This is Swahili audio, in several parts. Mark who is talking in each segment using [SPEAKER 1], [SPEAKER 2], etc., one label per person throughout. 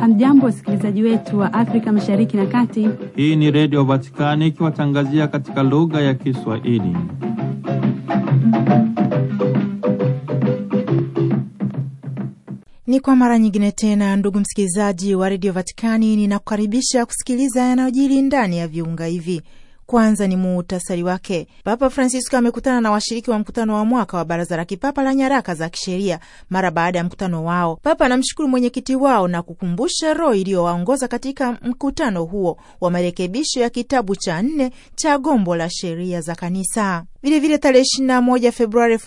[SPEAKER 1] Hamjambo, wasikilizaji wetu wa Afrika mashariki na kati.
[SPEAKER 2] Hii ni Redio Vatikani ikiwatangazia katika lugha ya Kiswahili.
[SPEAKER 1] Ni kwa mara nyingine tena, ndugu msikilizaji wa Redio Vatikani, ninakukaribisha kusikiliza yanayojiri ndani ya viunga hivi kwanza ni muutasari wake. Papa Francisco amekutana na washiriki wa mkutano wa mwaka wa Baraza la Kipapa la Nyaraka za Kisheria mara baada ya mkutano wao. Papa anamshukuru mwenyekiti wao na kukumbusha roho iliyowaongoza katika mkutano huo wa marekebisho ya kitabu cha nne cha gombo la sheria za kanisa. Vilevile tarehe moja Februari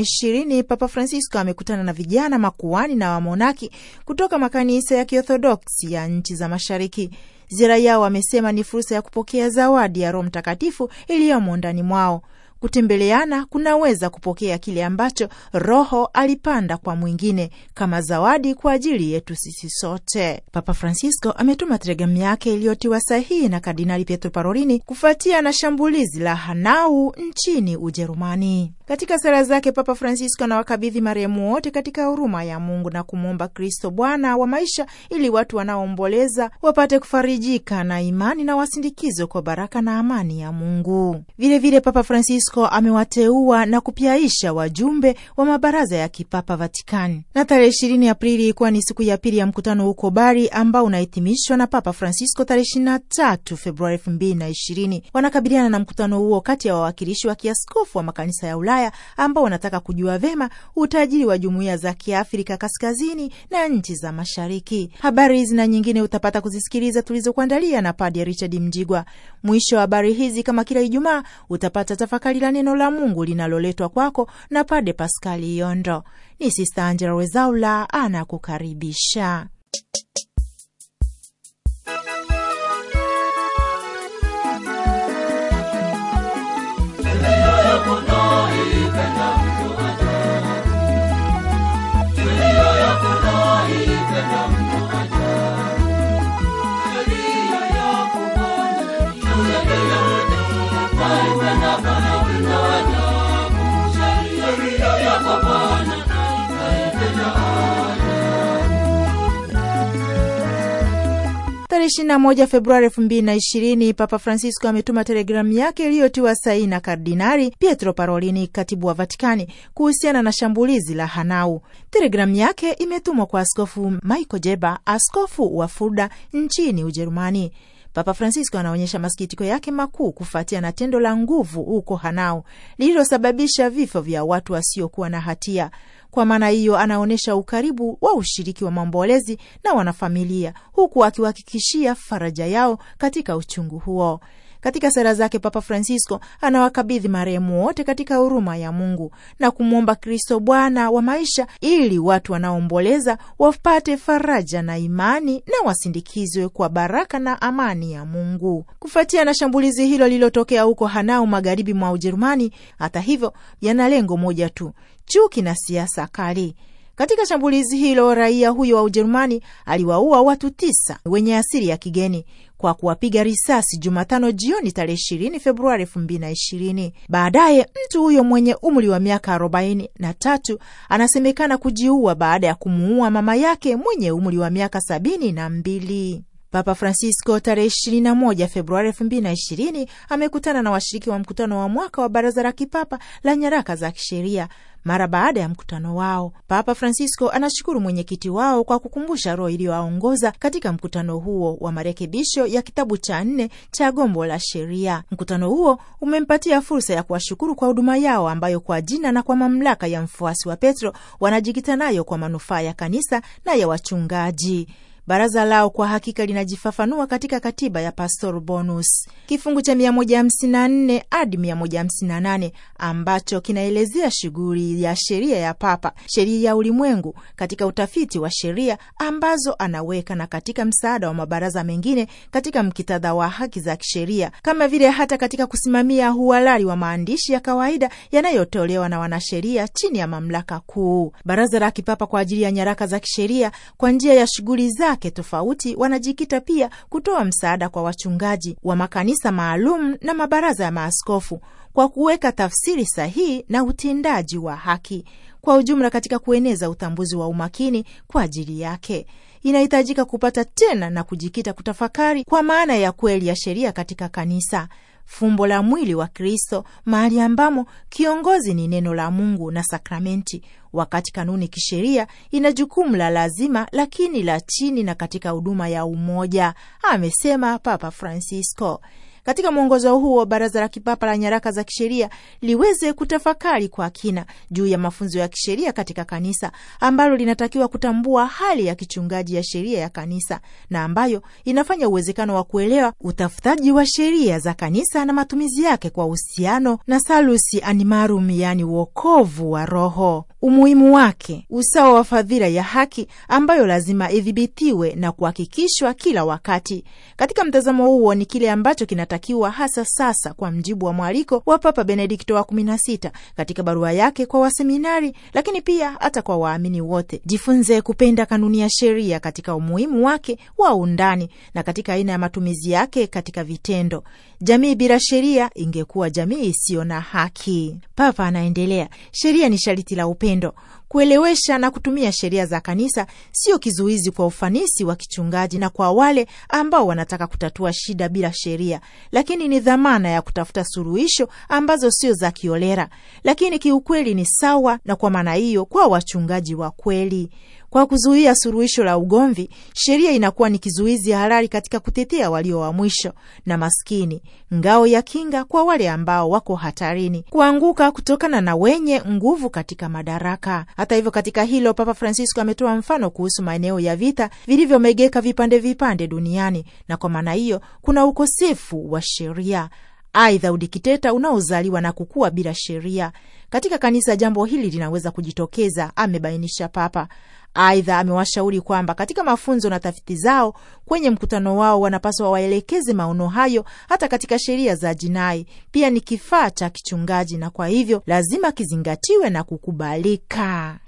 [SPEAKER 1] ishirini Papa Francisco amekutana na vijana makuani na wamonaki kutoka makanisa ya Kiorthodoksi ya nchi za Mashariki. Ziraya wamesema ni fursa ya kupokea zawadi ya Roho Mtakatifu iliyomo ndani mwao. Kutembeleana kunaweza kupokea kile ambacho Roho alipanda kwa mwingine kama zawadi kwa ajili yetu sisi sote. Papa Francisco ametuma telegramu yake iliyotiwa sahihi na Kardinali Pietro Parolini kufuatia na shambulizi la Hanau nchini Ujerumani. Katika sala zake, Papa Francisco anawakabidhi marehemu wote katika huruma ya Mungu na kumwomba Kristo Bwana wa maisha ili watu wanaoomboleza wapate kufarijika na imani na wasindikizo kwa baraka na amani ya Mungu. Vilevile vile Papa Francisco Francisco amewateua na kupiaisha wajumbe wa mabaraza ya kipapa Vatikani. Na tarehe ishirini Aprili ilikuwa ni siku ya pili ya mkutano huko Bari ambao unahitimishwa na Papa Francisco tarehe ishirini na tatu Februari elfu mbili na ishirini. Wanakabiliana na mkutano huo kati ya wawakilishi wa kiaskofu wa makanisa ya Ulaya ambao wanataka kujua vema utajiri wa jumuiya za kiafrika kaskazini na nchi za mashariki. Habari hizi na nyingine utapata kuzisikiliza tulizokuandalia na Padre Richard Mjigwa. Mwisho wa habari hizi kama kila Ijumaa utapata tafakari tafakari la neno la Mungu linaloletwa kwako na Pade Paskali Yondo. Ni Sista Angela wezaula anakukaribisha. Tarehe 21 Februari 2020 Papa Francisco ametuma telegramu yake iliyotiwa saini na Kardinali Pietro Parolini, katibu wa Vatikani, kuhusiana na shambulizi la Hanau. Telegramu yake imetumwa kwa Askofu Michael Jeba, askofu wa Fulda nchini Ujerumani. Papa Francisco anaonyesha masikitiko yake makuu kufuatia na tendo la nguvu huko Hanau lililosababisha vifo vya watu wasiokuwa na hatia. Kwa maana hiyo, anaonyesha ukaribu wa ushiriki wa maombolezi na wanafamilia, huku akiwahakikishia faraja yao katika uchungu huo. Katika sera zake Papa Francisco anawakabidhi marehemu wote katika huruma ya Mungu na kumwomba Kristo Bwana wa maisha, ili watu wanaoomboleza wapate faraja na imani na wasindikizwe kwa baraka na amani ya Mungu. Kufuatia na shambulizi hilo lililotokea huko Hanau, magharibi mwa Ujerumani, hata hivyo, yana lengo moja tu, chuki na siasa kali. Katika shambulizi hilo raia huyo wa Ujerumani aliwaua watu tisa wenye asili ya kigeni kwa kuwapiga risasi Jumatano jioni tarehe ishirini Februari ishirini. Baadaye mtu huyo mwenye umri wa miaka arobaini na tatu anasemekana kujiua baada ya kumuua mama yake mwenye umri wa miaka sabini na mbili. Papa Francisco tarehe 21 Februari ishirini amekutana na washiriki wa mkutano wa mwaka wa Baraza la Kipapa la Nyaraka za Kisheria. Mara baada ya mkutano wao, Papa Francisco anashukuru mwenyekiti wao kwa kukumbusha roho iliyowaongoza katika mkutano huo wa marekebisho ya kitabu cha nne cha gombo la sheria. Mkutano huo umempatia fursa ya kuwashukuru kwa huduma yao ambayo kwa jina na kwa mamlaka ya mfuasi wa Petro wanajikita nayo kwa manufaa ya kanisa na ya wachungaji. Baraza lao kwa hakika linajifafanua katika katiba ya Pastor Bonus kifungu cha 154 hadi 158 ambacho kinaelezea shughuli ya sheria ya Papa, sheria ya ulimwengu katika utafiti wa sheria ambazo anaweka na katika msaada wa mabaraza mengine katika mkitadha wa haki za kisheria, kama vile hata katika kusimamia uhalali wa maandishi ya kawaida yanayotolewa na wanasheria chini ya mamlaka kuu. Baraza la Kipapa kwa ajili ya nyaraka za kisheria kwa njia ya shughuli za zake tofauti wanajikita pia kutoa msaada kwa wachungaji wa makanisa maalum na mabaraza ya maaskofu kwa kuweka tafsiri sahihi na utendaji wa haki kwa ujumla katika kueneza utambuzi wa umakini kwa ajili yake inahitajika kupata tena na kujikita kutafakari kwa maana ya kweli ya sheria katika kanisa fumbo la mwili wa Kristo, mahali ambamo kiongozi ni neno la Mungu na sakramenti, wakati kanuni kisheria ina jukumu la lazima lakini la chini na katika huduma ya umoja, amesema Papa Francisco. Katika mwongozo huo, Baraza la Kipapa la Nyaraka za Kisheria liweze kutafakari kwa kina juu ya mafunzo ya kisheria katika kanisa ambalo linatakiwa kutambua hali ya kichungaji ya sheria ya kanisa na ambayo inafanya uwezekano wa kuelewa utafutaji wa sheria za kanisa na matumizi yake kwa uhusiano na salusi animarum, yani uokovu wa roho, umuhimu wake, usawa wa fadhila ya haki ambayo lazima idhibitiwe na kuhakikishwa kila wakati. Katika mtazamo huo ni kile ambacho kinata unatakiwa hasa sasa, kwa mjibu wa mwaliko wa Papa Benedikto wa kumi na sita katika barua yake kwa waseminari, lakini pia hata kwa waamini wote. Jifunze kupenda kanuni ya sheria katika umuhimu wake wa undani na katika aina ya matumizi yake katika vitendo. Jamii bila sheria ingekuwa jamii isiyo na haki. Papa anaendelea, sheria ni shariti la upendo Kuelewesha na kutumia sheria za kanisa sio kizuizi kwa ufanisi wa kichungaji na kwa wale ambao wanataka kutatua shida bila sheria, lakini ni dhamana ya kutafuta suluhisho ambazo sio za kiolera, lakini kiukweli ni sawa, na kwa maana hiyo kwa wachungaji wa kweli kwa kuzuia suluhisho la ugomvi, sheria inakuwa ni kizuizi halali katika kutetea walio wa mwisho na maskini, ngao ya kinga kwa wale ambao wako hatarini kuanguka kutokana na wenye nguvu katika madaraka. Hata hivyo, katika hilo Papa Francisco ametoa mfano kuhusu maeneo ya vita vilivyomegeka vipande vipande duniani, na kwa maana hiyo kuna ukosefu wa sheria Aidha, udikiteta unaozaliwa na kukua bila sheria katika kanisa, jambo hili linaweza kujitokeza, amebainisha Papa. Aidha, amewashauri kwamba katika mafunzo na tafiti zao kwenye mkutano wao wanapaswa waelekeze maono hayo hata katika sheria za jinai. Pia ni kifaa cha kichungaji, na kwa hivyo lazima kizingatiwe na kukubalika.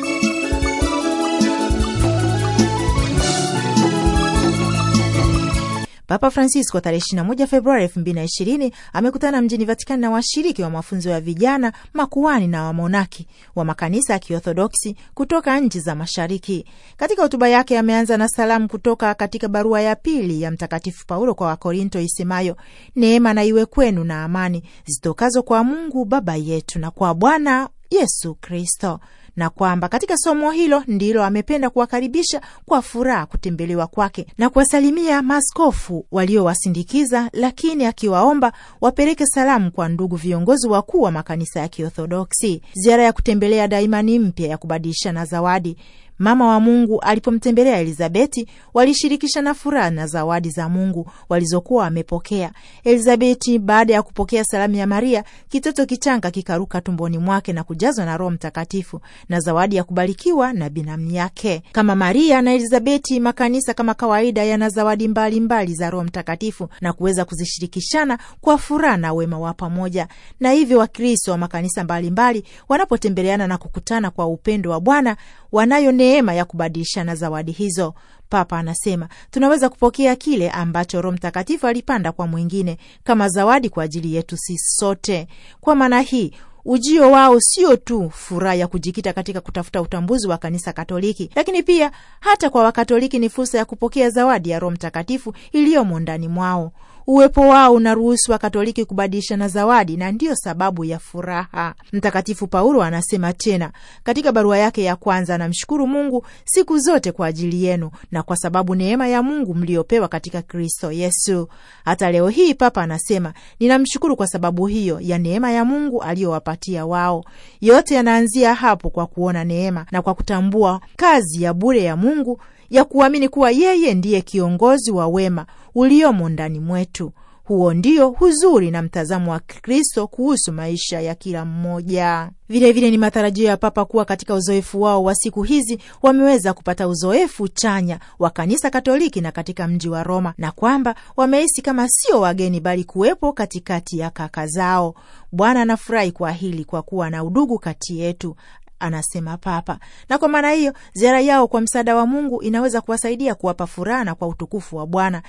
[SPEAKER 1] Papa Francisco tarehe 21 Februari 2020 amekutana mjini Vatikani na washiriki wa mafunzo ya vijana, makuani na wamonaki wa makanisa ya Kiorthodoksi kutoka nchi za Mashariki. Katika hotuba yake ameanza na salamu kutoka katika barua ya pili ya Mtakatifu Paulo kwa Wakorinto isemayo, neema na iwe kwenu na amani zitokazo kwa Mungu Baba yetu na kwa Bwana Yesu Kristo na kwamba katika somo hilo ndilo amependa kuwakaribisha kwa furaha kutembelewa kwake na kuwasalimia maskofu waliowasindikiza, lakini akiwaomba wapeleke salamu kwa ndugu viongozi wakuu wa makanisa ya Kiorthodoksi. Ziara ya kutembelea daima ni mpya ya kubadilishana zawadi Mama wa Mungu alipomtembelea Elizabeti walishirikisha na furaha na zawadi za Mungu walizokuwa wamepokea. Elizabeti baada ya kupokea salamu ya Maria, kitoto kichanga kikaruka tumboni mwake na kujazwa na Roho Mtakatifu na zawadi ya kubarikiwa na binamu yake. Kama Maria na Elizabeti, makanisa kama kawaida yana zawadi mbalimbali mbali za Roho Mtakatifu na kuweza kuzishirikishana kwa furaha na wema wa pamoja, na hivyo Wakristo wa makanisa mbalimbali wanapotembeleana na kukutana kwa upendo wa Bwana wanayo neema ya kubadilishana zawadi hizo. Papa anasema tunaweza kupokea kile ambacho Roho Mtakatifu alipanda kwa mwingine kama zawadi kwa ajili yetu sisi sote. Kwa maana hii ujio wao sio tu furaha ya kujikita katika kutafuta utambuzi wa kanisa Katoliki, lakini pia hata kwa Wakatoliki ni fursa ya kupokea zawadi ya Roho Mtakatifu iliyomo ndani mwao. Uwepo wao unaruhusu Wakatoliki kubadilishana zawadi na ndiyo sababu ya furaha. Mtakatifu Paulo anasema tena katika barua yake ya kwanza, anamshukuru Mungu siku zote kwa ajili yenu na kwa sababu neema ya Mungu mliopewa katika Kristo Yesu. Hata leo hii Papa anasema ninamshukuru kwa sababu hiyo ya neema ya Mungu aliyowapatia wao. Yote yanaanzia hapo, kwa kuona neema na kwa kutambua kazi ya bure ya Mungu ya kuamini kuwa yeye ndiye kiongozi wa wema uliomo ndani mwetu. Huo ndio huzuri na mtazamo wa Kristo kuhusu maisha ya kila mmoja. Vilevile vile ni matarajio ya Papa kuwa katika uzoefu wao wa siku hizi wameweza kupata uzoefu chanya wa Kanisa Katoliki na katika mji wa Roma, na kwamba wamehisi kama sio wageni, bali kuwepo katikati ya kaka zao. Bwana anafurahi kwa hili, kwa kuwa na udugu kati yetu, anasema Papa. Na kwa maana hiyo ziara yao kwa msaada wa Mungu inaweza kuwasaidia kuwapa furaha na kwa utukufu wa Bwana.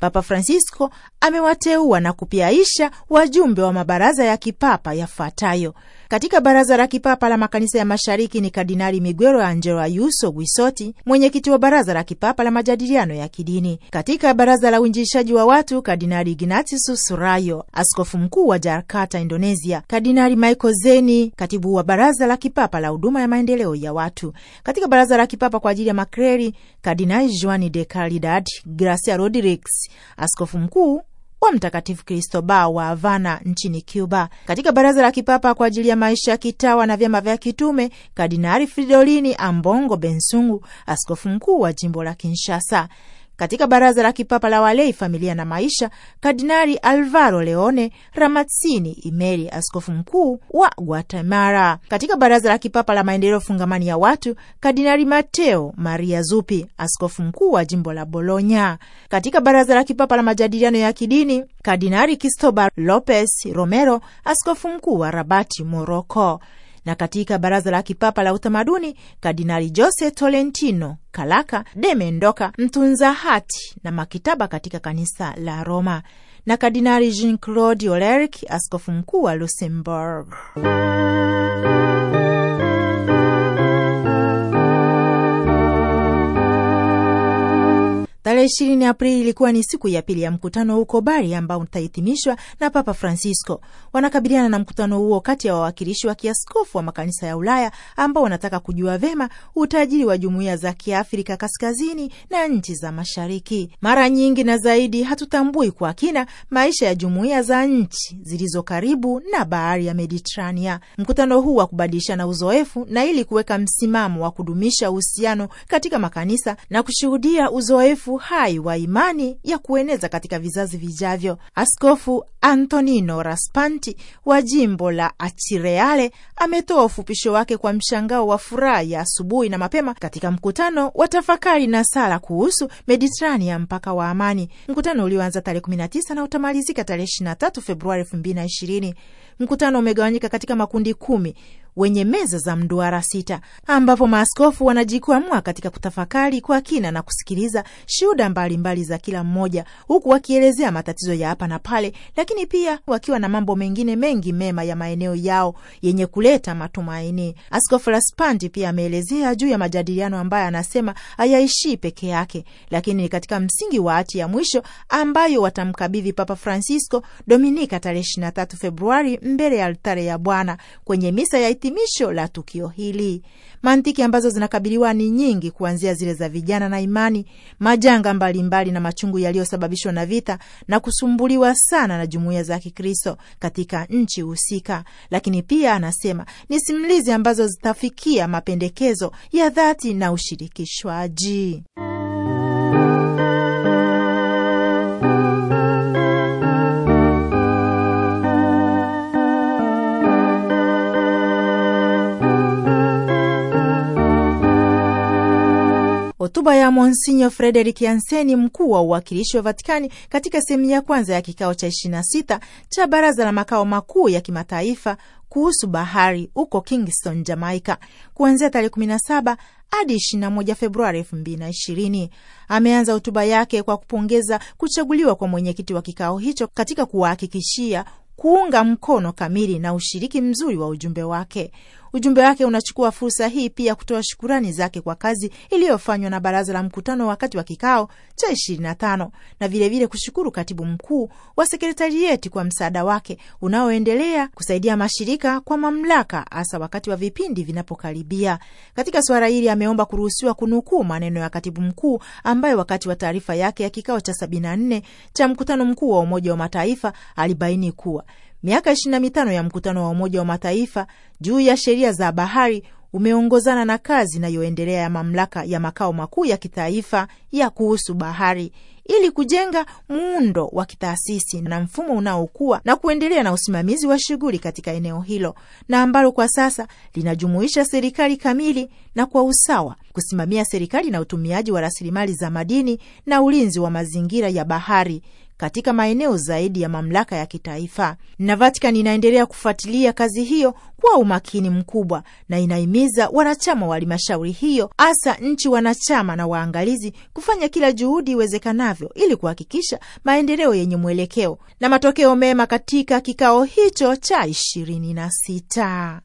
[SPEAKER 1] Papa Francisco amewateua na kupiaisha wajumbe wa mabaraza ya kipapa yafuatayo: katika baraza la kipapa la makanisa ya mashariki ni Kardinali Miguel Angelo Ayuso Gwisoti, mwenyekiti wa baraza la kipapa la majadiliano ya kidini. Katika baraza la uinjilishaji wa watu, Kardinali Ignatius Surayo, askofu mkuu wa Jakarta, Indonesia; Kardinali Michael Zeni, katibu wa baraza la kipapa la huduma ya maendeleo ya watu. Katika baraza la kipapa kwa ajili ya makreri, Kardinali Joan de Caridad Gracia Rodrigues, askofu mkuu wa Mtakatifu Cristobal wa Havana nchini Cuba. Katika baraza la kipapa kwa ajili ya maisha ya kitawa na vyama vya kitume, Kardinali Fridolini Ambongo Bensungu, askofu mkuu wa jimbo la Kinshasa katika baraza la kipapa la walei, familia na maisha, Kardinali Alvaro Leone Ramazzini Imeri, askofu mkuu wa Guatemala. Katika baraza la kipapa la maendeleo fungamani ya watu, Kardinali Mateo Maria Zupi, askofu mkuu wa jimbo la Bologna. Katika baraza la kipapa la majadiliano ya kidini, Kardinali Cristobal Lopez Romero, askofu mkuu wa Rabati, Moroko na katika baraza la kipapa la utamaduni Kardinali Jose Tolentino Kalaka de Mendoka, mtunza hati na makitaba katika kanisa la Roma, na Kardinali Jean Claude Oleric, askofu mkuu wa Luxembourg. Tarehe ishirini Aprili ilikuwa ni siku ya pili ya mkutano huko Bari ambao utahitimishwa na Papa Francisco. Wanakabiliana na mkutano huo kati ya wawakilishi wa kiaskofu wa makanisa ya Ulaya ambao wanataka kujua vema utajiri wa jumuiya za Kiafrika kaskazini na nchi za mashariki. Mara nyingi na zaidi hatutambui kwa kina maisha ya jumuiya za nchi zilizo karibu na bahari ya Mediterania. Mkutano huu wa kubadilishana uzoefu na ili kuweka msimamo wa kudumisha uhusiano katika makanisa na kushuhudia uzoefu uhai wa imani ya kueneza katika vizazi vijavyo. Askofu Antonino Raspanti wa jimbo la Achireale ametoa ufupisho wake kwa mshangao wa furaha ya asubuhi na mapema katika mkutano wa tafakari na sala kuhusu Mediterania, mpaka wa amani, mkutano ulioanza tarehe 19 na utamalizika tarehe 23 Februari 2020. Mkutano umegawanyika katika makundi kumi wenye meza za mduara sita, ambapo maaskofu wanajikwamua katika kutafakari kwa kina na kusikiliza shuhuda mbalimbali za kila mmoja, huku wakielezea matatizo ya hapa na pale, lakini pia wakiwa na mambo mengine mengi mema ya maeneo yao yenye kuleta matumaini. Askofu Laspandi pia ameelezea juu ya majadiliano ambayo anasema hayaishii peke yake, lakini ni katika msingi wa hati ya mwisho ambayo watamkabidhi Papa Francisco Dominika tarehe 23 Februari mbele ya altare ya Bwana kwenye misa ya hitimisho la tukio hili. Mantiki ambazo zinakabiliwa ni nyingi, kuanzia zile za vijana na imani, majanga mbalimbali mbali na machungu yaliyosababishwa na vita na kusumbuliwa sana na jumuiya za Kikristo katika nchi husika. Lakini pia anasema ni simulizi ambazo zitafikia mapendekezo ya dhati na ushirikishwaji. Hotuba ya Monsinyo Frederik Yanseni, mkuu wa uwakilishi wa Vatikani, katika sehemu ya kwanza ya kikao cha 26 cha baraza la makao makuu ya kimataifa kuhusu bahari huko Kingston, Jamaica, kuanzia tarehe 17 hadi 21 Februari 2020. Ameanza hotuba yake kwa kupongeza kuchaguliwa kwa mwenyekiti wa kikao hicho katika kuwahakikishia kuunga mkono kamili na ushiriki mzuri wa ujumbe wake. Ujumbe wake unachukua fursa hii pia kutoa shukurani zake kwa kazi iliyofanywa na baraza la mkutano wakati wa kikao cha ishirini na tano na vilevile kushukuru katibu mkuu wa sekretarieti kwa msaada wake unaoendelea kusaidia mashirika kwa mamlaka, hasa wakati wa vipindi vinapokaribia. Katika suala hili, ameomba kuruhusiwa kunukuu maneno ya katibu mkuu ambaye wakati wa taarifa yake ya kikao cha sabini na nne cha mkutano mkuu wa Umoja wa Mataifa alibaini kuwa Miaka 25 mitano ya mkutano wa Umoja wa Mataifa juu ya sheria za bahari umeongozana na kazi inayoendelea ya mamlaka ya makao makuu ya kitaifa ya kuhusu bahari ili kujenga muundo wa kitaasisi na mfumo unaokuwa na kuendelea na usimamizi wa shughuli katika eneo hilo na ambalo kwa sasa linajumuisha serikali kamili na kwa usawa kusimamia serikali na utumiaji wa rasilimali za madini na ulinzi wa mazingira ya bahari katika maeneo zaidi ya mamlaka ya kitaifa, na Vatican inaendelea kufuatilia kazi hiyo kwa umakini mkubwa na inahimiza wanachama wa halmashauri hiyo, hasa nchi wanachama na waangalizi, kufanya kila juhudi iwezekanavyo ili kuhakikisha maendeleo yenye mwelekeo na matokeo mema katika kikao hicho cha ishirini na sita.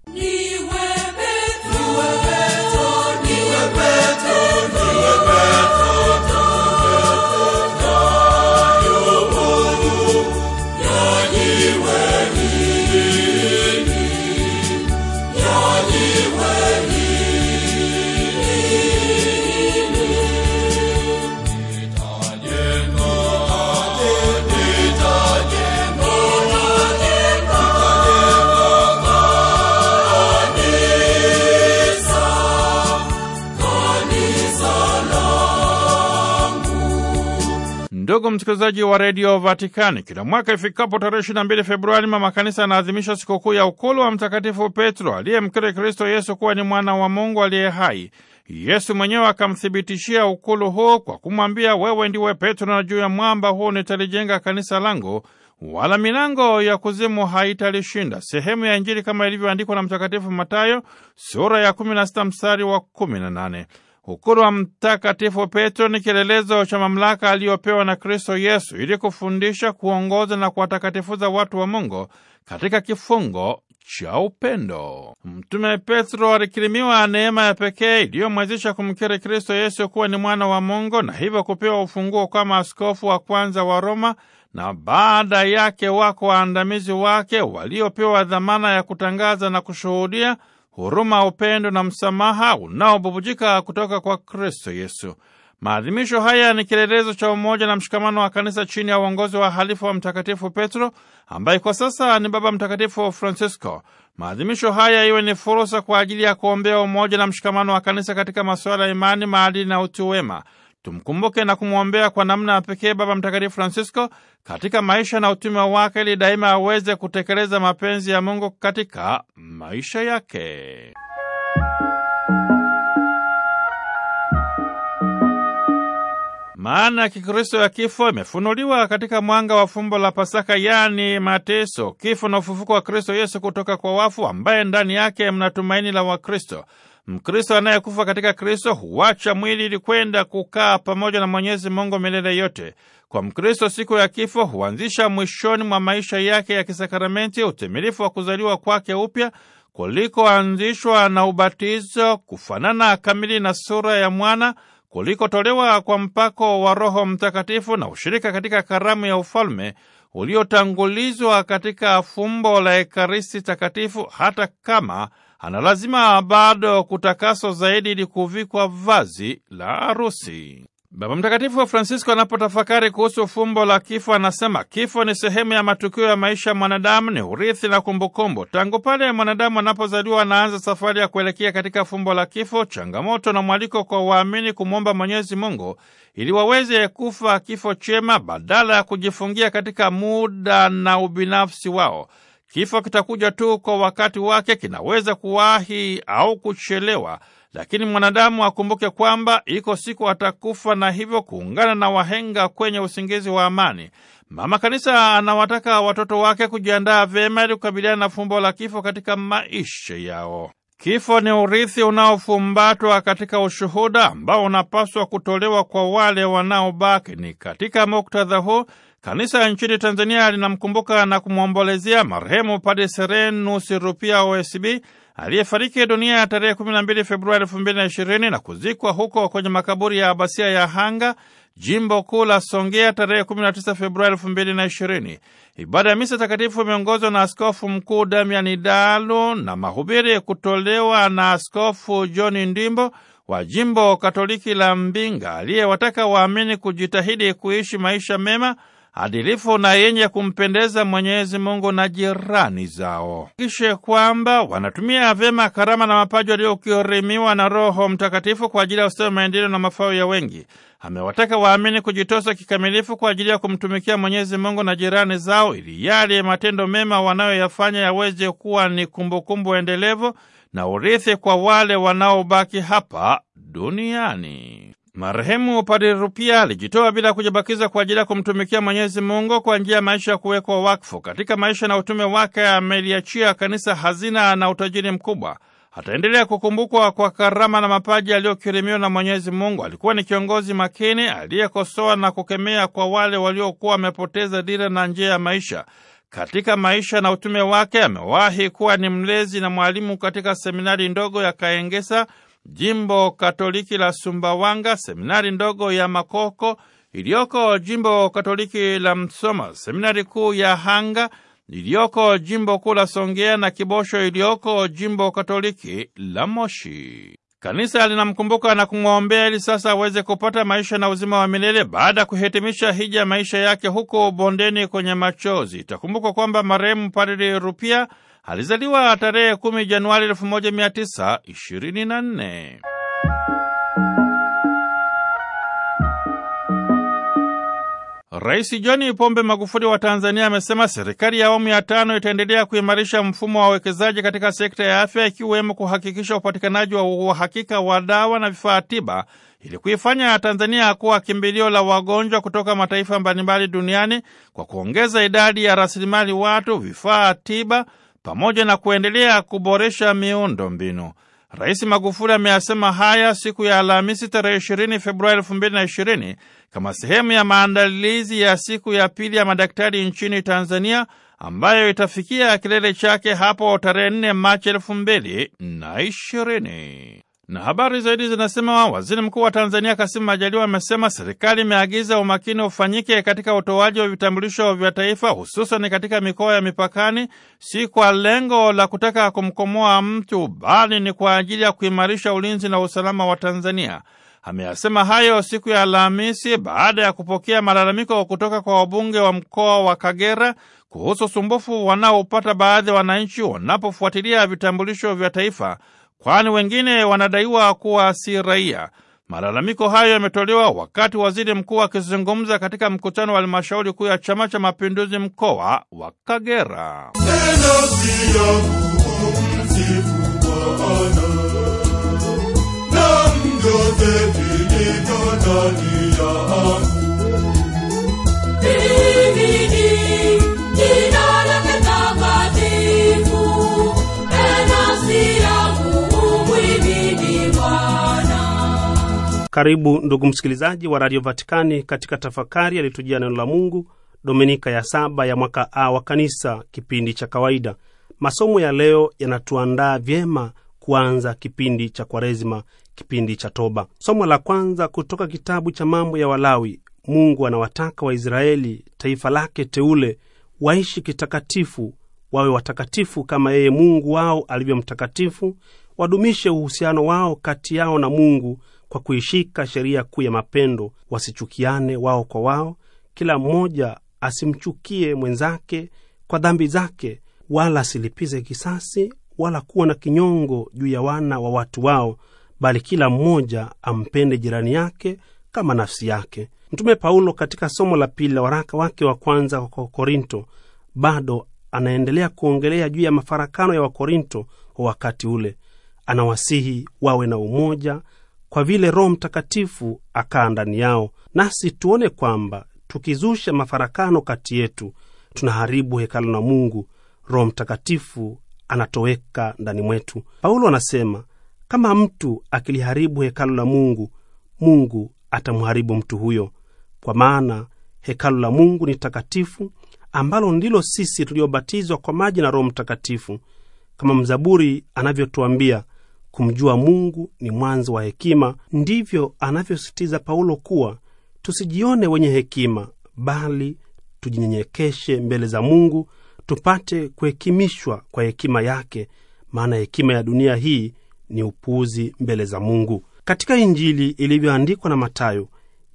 [SPEAKER 2] Ndugu msikilizaji wa redio Vatikani, kila mwaka ifikapo tarehe 22 na mbili Februari mama kanisa anaadhimisha sikukuu ya ukulu wa Mtakatifu Petro aliyemkiri Kristo Yesu kuwa ni mwana wa Mungu aliye hai. Yesu mwenyewe akamthibitishia ukulu huu kwa kumwambia, wewe ndiwe Petro, na juu ya mwamba huu nitalijenga kanisa langu, wala milango ya kuzimu haitalishinda. Sehemu ya Injili kama ilivyoandikwa na Mtakatifu Matayo sura ya 16 mstari wa 18. Ukuru wa Mtakatifu Petro ni kielelezo cha mamlaka aliyopewa na Kristo Yesu ili kufundisha, kuongoza na kuwatakatifuza watu wa Mungu katika kifungo cha upendo. Mtume Petro alikirimiwa neema ya pekee iliyomwezesha kumkiri Kristo Yesu kuwa ni mwana wa Mungu na hivyo kupewa ufunguo kama askofu wa kwanza wa Roma, na baada yake wako waandamizi wake waliopewa dhamana ya kutangaza na kushuhudia huruma, upendo na msamaha unaobubujika kutoka kwa Kristo Yesu. Maadhimisho haya ni kielelezo cha umoja na mshikamano wa kanisa chini ya uongozi wa halifu wa Mtakatifu Petro ambaye kwa sasa ni Baba Mtakatifu Francisco. Maadhimisho haya iwe ni fursa kwa ajili ya kuombea umoja na mshikamano wa kanisa katika masuala ya imani, maadili na utu wema. Tumkumbuke na kumwombea kwa namna ya pekee Baba Mtakatifu Francisco katika maisha na utume wake, ili daima aweze kutekeleza mapenzi ya Mungu katika maisha yake. Maana ya Kikristo ya kifo imefunuliwa katika mwanga wa fumbo la Pasaka, yaani mateso, kifo na ufufuko wa Kristo Yesu kutoka kwa wafu, ambaye ndani yake mna tumaini la Wakristo. Mkristo anayekufa katika Kristo huacha mwili ili kwenda kukaa pamoja na Mwenyezi Mungu milele yote. Kwa Mkristo, siku ya kifo huanzisha mwishoni mwa maisha yake ya kisakramenti utimilifu wa kuzaliwa kwake upya kulikoanzishwa na ubatizo, kufanana kamili na sura ya mwana kulikotolewa kwa mpako wa Roho Mtakatifu na ushirika katika karamu ya ufalme uliotangulizwa katika fumbo la Ekaristi Takatifu, hata kama ana lazima bado kutakaswa zaidi ili kuvikwa vazi la harusi. Baba Mtakatifu wa Francisco anapotafakari kuhusu fumbo la kifo anasema, kifo ni sehemu ya matukio ya maisha ya mwanadamu, ni urithi na kumbukumbu. Tangu pale mwanadamu anapozaliwa anaanza safari ya kuelekea katika fumbo la kifo, changamoto na mwaliko kwa waamini kumwomba Mwenyezi Mungu ili waweze kufa kifo chema badala ya kujifungia katika muda na ubinafsi wao. Kifo kitakuja tu kwa wakati wake, kinaweza kuwahi au kuchelewa, lakini mwanadamu akumbuke kwamba iko siku atakufa na hivyo kuungana na wahenga kwenye usingizi wa amani. Mama Kanisa anawataka watoto wake kujiandaa vyema ili kukabiliana na fumbo la kifo katika maisha yao. Kifo ni urithi unaofumbatwa katika ushuhuda ambao unapaswa kutolewa kwa wale wanaobaki. Ni katika muktadha huu Kanisa nchini Tanzania linamkumbuka na kumwombolezea marehemu Padre Serenus Rupia OSB aliyefariki dunia ya tarehe 12 Februari 2020 na kuzikwa huko kwenye makaburi ya Abasia ya Hanga, jimbo kuu la Songea tarehe 19 Februari 2020. Ibada ya misa takatifu imeongozwa na Askofu Mkuu Damian Dalu na mahubiri kutolewa na Askofu John Ndimbo wa jimbo Katoliki la Mbinga aliyewataka waamini kujitahidi kuishi maisha mema adilifu na yenye kumpendeza Mwenyezi Mungu na jirani zao. Kishe kwamba wanatumia vyema karama na mapaji waliokirimiwa na Roho Mtakatifu kwa ajili ya ustawi, maendeleo na mafao ya wengi. Amewataka waamini kujitosa kikamilifu kwa ajili ya kumtumikia Mwenyezi Mungu na jirani zao, ili yale matendo mema wanayoyafanya yaweze kuwa ni kumbukumbu endelevu na urithi kwa wale wanaobaki hapa duniani. Marehemu Padre Rupia alijitoa bila kujibakiza kwa ajili ya kumtumikia Mwenyezi Mungu kwa njia ya maisha ya kuwekwa wakfu. Katika maisha na utume wake ameliachia kanisa hazina na utajiri mkubwa. Ataendelea kukumbukwa kwa karama na mapaji aliyokirimiwa na Mwenyezi Mungu. Alikuwa ni kiongozi makini aliyekosoa na kukemea kwa wale waliokuwa wamepoteza dira na njia ya maisha. Katika maisha na utume wake amewahi kuwa ni mlezi na mwalimu katika seminari ndogo ya Kaengesa jimbo katoliki la Sumbawanga, seminari ndogo ya Makoko iliyoko jimbo katoliki la Msoma, seminari kuu ya Hanga iliyoko jimbo kuu la Songea na Kibosho iliyoko jimbo katoliki la Moshi. Kanisa linamkumbuka na kumwombea ili sasa aweze kupata maisha na uzima wa milele baada ya kuhitimisha hija maisha yake huko bondeni kwenye machozi. Itakumbukwa kwamba marehemu Padre Rupia Alizaliwa tarehe 10 Januari 1924. Rais John Pombe Magufuli wa Tanzania amesema serikali ya awamu ya tano itaendelea kuimarisha mfumo wa uwekezaji katika sekta ya afya ikiwemo kuhakikisha upatikanaji wa uhakika wa dawa na vifaa tiba ili kuifanya Tanzania kuwa kimbilio la wagonjwa kutoka mataifa mbalimbali duniani kwa kuongeza idadi ya rasilimali watu, vifaa tiba pamoja na kuendelea kuboresha miundo mbinu. Rais Magufuli ameyasema haya siku ya Alhamisi tarehe 20 Februari 2020 kama sehemu ya maandalizi ya siku ya pili ya madaktari nchini Tanzania ambayo itafikia kilele chake hapo tarehe 4 Machi 2020. Na habari zaidi zinasema waziri mkuu wa Tanzania kasimu Majaliwa amesema serikali imeagiza umakini ufanyike katika utoaji wa vitambulisho vya taifa hususan katika mikoa ya mipakani, si kwa lengo la kutaka kumkomoa mtu, bali ni kwa ajili ya kuimarisha ulinzi na usalama wa Tanzania. Ameyasema hayo siku ya Alhamisi baada ya kupokea malalamiko kutoka kwa wabunge wa mkoa wa Kagera kuhusu usumbufu wanaopata baadhi ya wananchi wanapofuatilia vitambulisho vya taifa kwani wengine wanadaiwa kuwa si raia. Malalamiko hayo yametolewa wakati waziri mkuu akizungumza katika mkutano wa halmashauri kuu ya Chama cha Mapinduzi mkoa wa Kagera.
[SPEAKER 3] Karibu ndugu msikilizaji wa Radio Vatikani katika tafakari yalitujia neno la Mungu Dominika ya saba ya mwaka A wa Kanisa, kipindi cha kawaida. Masomo ya leo yanatuandaa vyema kuanza kipindi cha kwarezima kipindi cha toba. Somo la kwanza kutoka kitabu cha Mambo ya Walawi. Mungu anawataka Waisraeli, taifa lake teule, waishi kitakatifu, wawe watakatifu kama yeye Mungu wao alivyo mtakatifu, wadumishe uhusiano wao kati yao na Mungu kwa kuishika sheria kuu ya mapendo, wasichukiane wao kwa wao, kila mmoja asimchukie mwenzake kwa dhambi zake, wala asilipize kisasi, wala kuwa na kinyongo juu ya wana wa watu wao, bali kila mmoja ampende jirani yake kama nafsi yake. Mtume Paulo katika somo la pili la waraka wake wa kwanza kwa Korinto bado anaendelea kuongelea juu ya mafarakano ya Wakorinto wa wakati ule. Anawasihi wawe na umoja kwa vile Roho Mtakatifu akaa ndani yao. Nasi tuone kwamba tukizusha mafarakano kati yetu, tunaharibu hekalu la Mungu. Roho Mtakatifu anatoweka ndani mwetu. Paulo anasema kama mtu akiliharibu hekalu la Mungu, Mungu atamharibu mtu huyo, kwa maana hekalu la Mungu ni takatifu, ambalo ndilo sisi tuliobatizwa kwa maji na Roho Mtakatifu, kama mzaburi anavyotuambia Kumjua Mungu ni mwanzo wa hekima. Ndivyo anavyosisitiza Paulo kuwa tusijione wenye hekima, bali tujinyenyekeshe mbele za Mungu tupate kuhekimishwa kwa hekima yake, maana hekima ya dunia hii ni upuuzi mbele za Mungu. Katika Injili ilivyoandikwa na Matayo,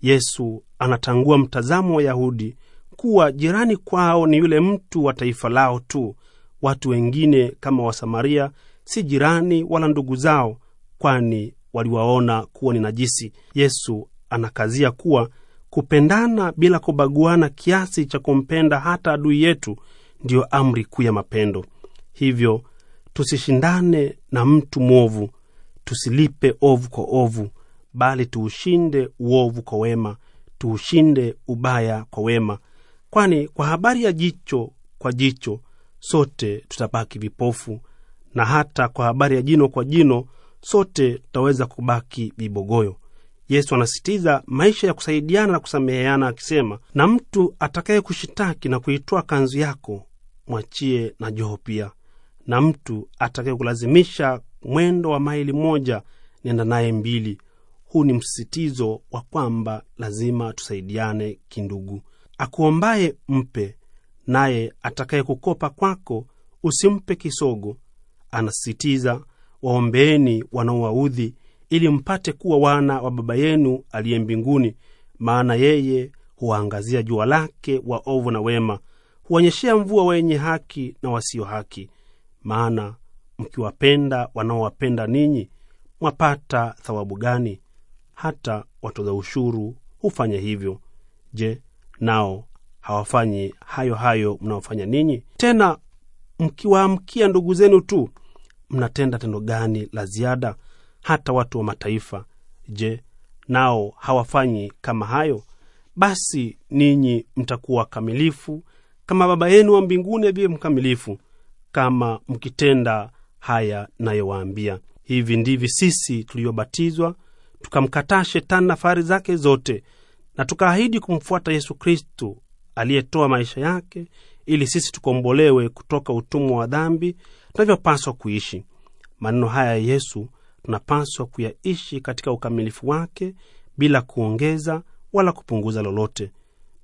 [SPEAKER 3] Yesu anatangua mtazamo wa Wayahudi kuwa jirani kwao ni yule mtu wa taifa lao tu. Watu wengine kama Wasamaria si jirani wala ndugu zao, kwani waliwaona kuwa ni najisi. Yesu anakazia kuwa kupendana bila kubaguana kiasi cha kumpenda hata adui yetu ndiyo amri kuu ya mapendo. Hivyo tusishindane na mtu mwovu, tusilipe ovu kwa ovu, bali tuushinde uovu kwa wema, tuushinde ubaya kwa wema, kwani kwa habari ya jicho kwa jicho sote tutabaki vipofu na hata kwa habari ya jino kwa jino, sote tutaweza kubaki vibogoyo. Yesu anasisitiza maisha ya kusaidiana na kusameheana, akisema, na mtu atakaye kushitaki na kuitoa kanzu yako mwachie na joho pia, na mtu atakaye kulazimisha mwendo wa maili moja nenda naye mbili. Huu ni msisitizo wa kwamba lazima tusaidiane kindugu. Akuombaye mpe, naye atakaye kukopa kwako usimpe kisogo, anasisitiza, waombeeni wanaowaudhi, ili mpate kuwa wana wa Baba yenu aliye mbinguni, maana yeye huwaangazia jua lake waovu na wema, huonyeshea mvua wenye haki na wasio haki. Maana mkiwapenda wanaowapenda ninyi, mwapata thawabu gani? Hata watoza ushuru hufanya hivyo. Je, nao hawafanyi hayo hayo mnaofanya ninyi? Tena mkiwaamkia ndugu zenu tu, mnatenda tendo gani la ziada? Hata watu wa mataifa, je, nao hawafanyi kama hayo? Basi ninyi mtakuwa kamilifu kama Baba yenu wa mbinguni aviye mkamilifu, kama mkitenda haya nayowaambia. Hivi ndivi sisi tuliyobatizwa tukamkataa Shetani na fahari zake zote, na tukaahidi kumfuata Yesu kristu aliyetoa maisha yake ili sisi tukombolewe kutoka utumwa wa dhambi, tunavyopaswa kuishi. Maneno haya ya Yesu tunapaswa kuyaishi katika ukamilifu wake bila kuongeza wala kupunguza lolote.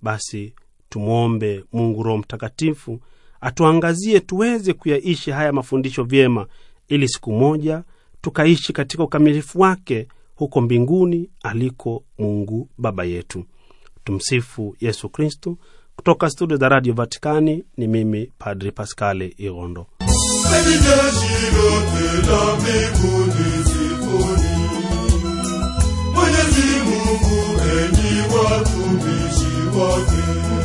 [SPEAKER 3] Basi tumwombe Mungu Roho Mtakatifu atuangazie tuweze kuyaishi haya mafundisho vyema, ili siku moja tukaishi katika ukamilifu wake huko mbinguni aliko Mungu Baba yetu. Tumsifu Yesu Kristo. Kutoka studio za Radio Vatikani ni mimi Padri Paskali Igondo.
[SPEAKER 4] Mwenyezi Mungu enyi watumishi wake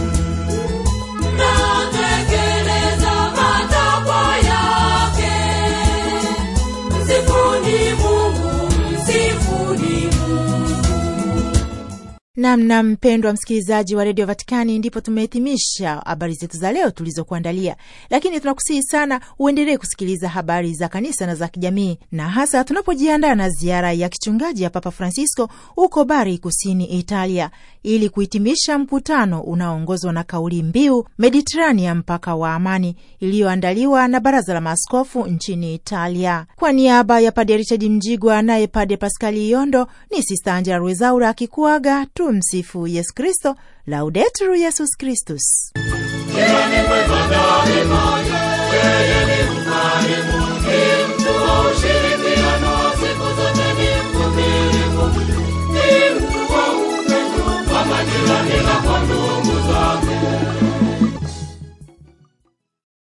[SPEAKER 1] Namna mpendwa msikilizaji wa redio Vatikani, ndipo tumehitimisha habari zetu za leo tulizokuandalia, lakini tunakusihi sana uendelee kusikiliza habari za kanisa na za kijamii, na hasa tunapojiandaa na ziara ya kichungaji ya Papa Francisco huko Bari, kusini Italia, ili kuhitimisha mkutano unaoongozwa na kauli mbiu Mediterania, mpaka wa amani, iliyoandaliwa na baraza la maaskofu nchini Italia. Kwa niaba ya Padre Richard Mjigwa naye Padre Paskali Yondo, ni Sista Angela Rwezaura akikuaga tu tumsifu Yesu Kristo, laudetur Yesus Kristus.